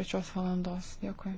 trečios valandos. Dėkui.